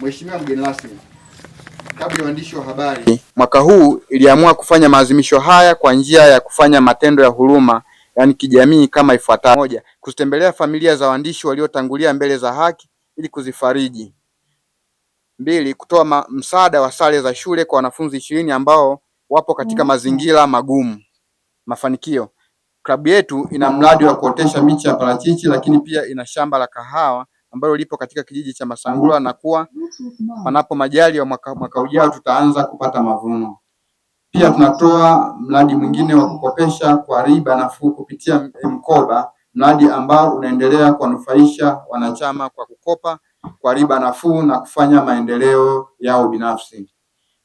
Mheshimiwa mgeni rasmi, Klabu ya Waandishi wa Habari mwaka huu iliamua kufanya maadhimisho haya kwa njia ya kufanya matendo ya huruma, yaani kijamii, kama ifuatavyo: moja, kuzitembelea familia za waandishi waliotangulia mbele za haki ili kuzifariji; mbili, kutoa msaada wa sare za shule kwa wanafunzi ishirini ambao wapo katika mm. mazingira magumu. Mafanikio: klabu yetu ina mradi wa kuotesha miche ya parachichi, lakini pia ina shamba la kahawa ambalo lipo katika kijiji cha Masangula na kuwa panapo majali mwaka, mwaka ujao tutaanza kupata mavuno. Pia tunatoa mradi mwingine wa kukopesha kwa riba nafuu kupitia mkoba, mradi ambao unaendelea kuwanufaisha wanachama kwa kukopa kwa riba nafuu na kufanya maendeleo yao binafsi.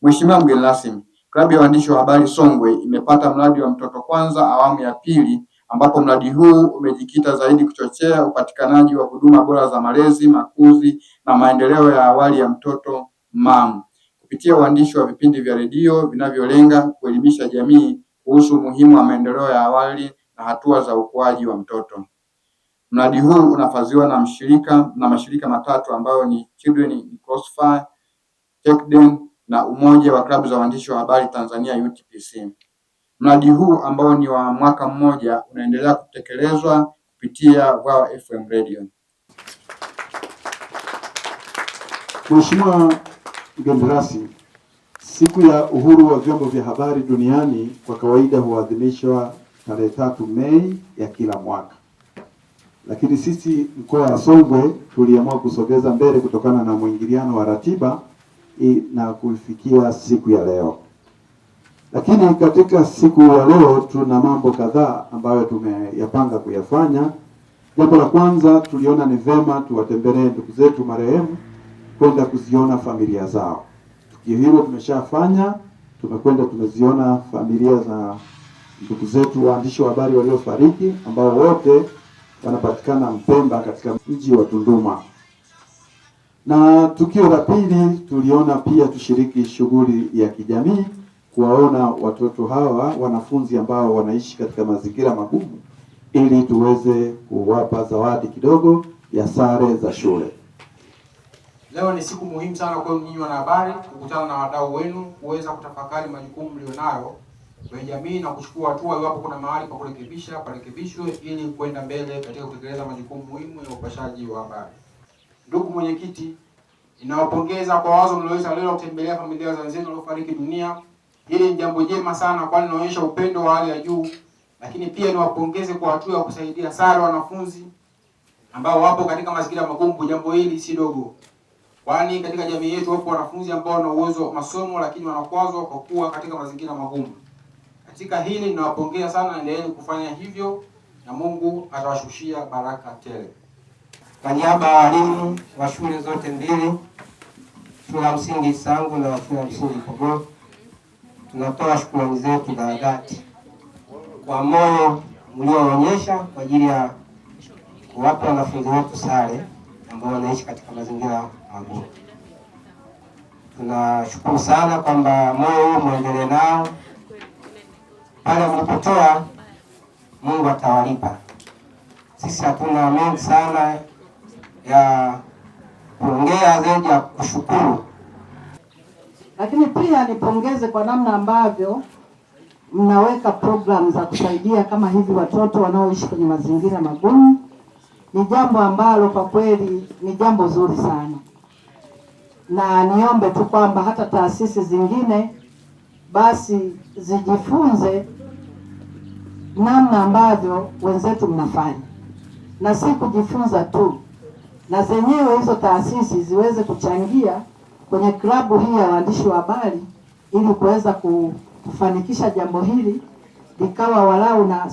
Mheshimiwa mgeni rasmi, klabu ya waandishi wa habari Songwe imepata mradi wa mtoto kwanza awamu ya pili ambapo mradi huu umejikita zaidi kuchochea upatikanaji wa huduma bora za malezi, makuzi na maendeleo ya awali ya mtoto mam kupitia uandishi wa vipindi vya redio vinavyolenga kuelimisha jamii kuhusu umuhimu wa maendeleo ya awali na hatua za ukuaji wa mtoto. Mradi huu unafadhiliwa na mshirika na mashirika matatu ambayo ni Children in Crossfire, Techden na Umoja wa Klabu za Waandishi wa Habari Tanzania UTPC. Mradi huu ambao ni wa mwaka mmoja unaendelea kutekelezwa kupitia Vwawa FM Radio. Mheshimiwa mgeni rasmi, siku ya uhuru wa vyombo vya habari duniani kwa kawaida huadhimishwa tarehe tatu Mei ya kila mwaka, lakini sisi mkoa wa Songwe tuliamua kusogeza mbele kutokana na mwingiliano wa ratiba na kufikia siku ya leo. Lakini katika siku ya leo tuna mambo kadhaa ambayo tumeyapanga kuyafanya. Jambo la kwanza tuliona ni vema tuwatembelee ndugu zetu marehemu kwenda kuziona familia zao. Tukio hilo tumeshafanya, tumekwenda tumeziona familia za ndugu zetu waandishi wa habari waliofariki ambao wote wanapatikana Mpemba katika mji wa Tunduma. Na tukio la pili tuliona pia tushiriki shughuli ya kijamii kuwaona watoto hawa wanafunzi ambao wanaishi katika mazingira magumu, ili tuweze kuwapa zawadi kidogo ya sare za shule. Leo ni siku muhimu sana kwa nyinyi wanahabari kukutana na wadau wenu kuweza kutafakari majukumu mlionayo kwenye jamii na kuchukua hatua iwapo kuna mahali pa kurekebisha parekebishwe ili kwenda mbele katika kutekeleza majukumu muhimu ya upashaji wa habari. Ndugu mwenyekiti, ninawapongeza kwa wazo mlioweza leo kutembelea familia za wenzetu waliofariki dunia Hili ni jambo jema sana, kwani linaonyesha upendo wa hali ya juu. Lakini pia niwapongeze kwa hatua ya kusaidia sare wanafunzi ambao wapo katika mazingira magumu. Jambo hili si dogo, kwani katika jamii yetu wapo wanafunzi ambao wana uwezo wa masomo, lakini wanakwazwa kwa kuwa katika mazingira magumu. Katika hili ninawapongeza sana, endeleeni kufanya hivyo na Mungu atawashushia baraka tele. Kwa niaba ya walimu wa shule zote mbili, shule ya msingi Sangu na shule ya msingi tunatoa shukrani zetu za dhati kwa moyo mlioonyesha kwa ajili ya kuwapa wanafunzi wetu sare ambao wanaishi katika mazingira magumu. Tunashukuru sana kwamba moyo huu muendelee nao, pale mlipotoa Mungu atawalipa. Sisi hatuna mengi sana ya kuongea zaidi ya kushukuru lakini pia nipongeze kwa namna ambavyo mnaweka programu za kusaidia kama hivi watoto wanaoishi kwenye mazingira magumu. Ni jambo ambalo kwa kweli ni jambo zuri sana, na niombe tu kwamba hata taasisi zingine basi zijifunze namna ambavyo wenzetu mnafanya, na si kujifunza tu, na zenyewe hizo taasisi ziweze kuchangia kwenye klabu hii ya waandishi wa habari ili kuweza kufanikisha jambo hili likawa walau na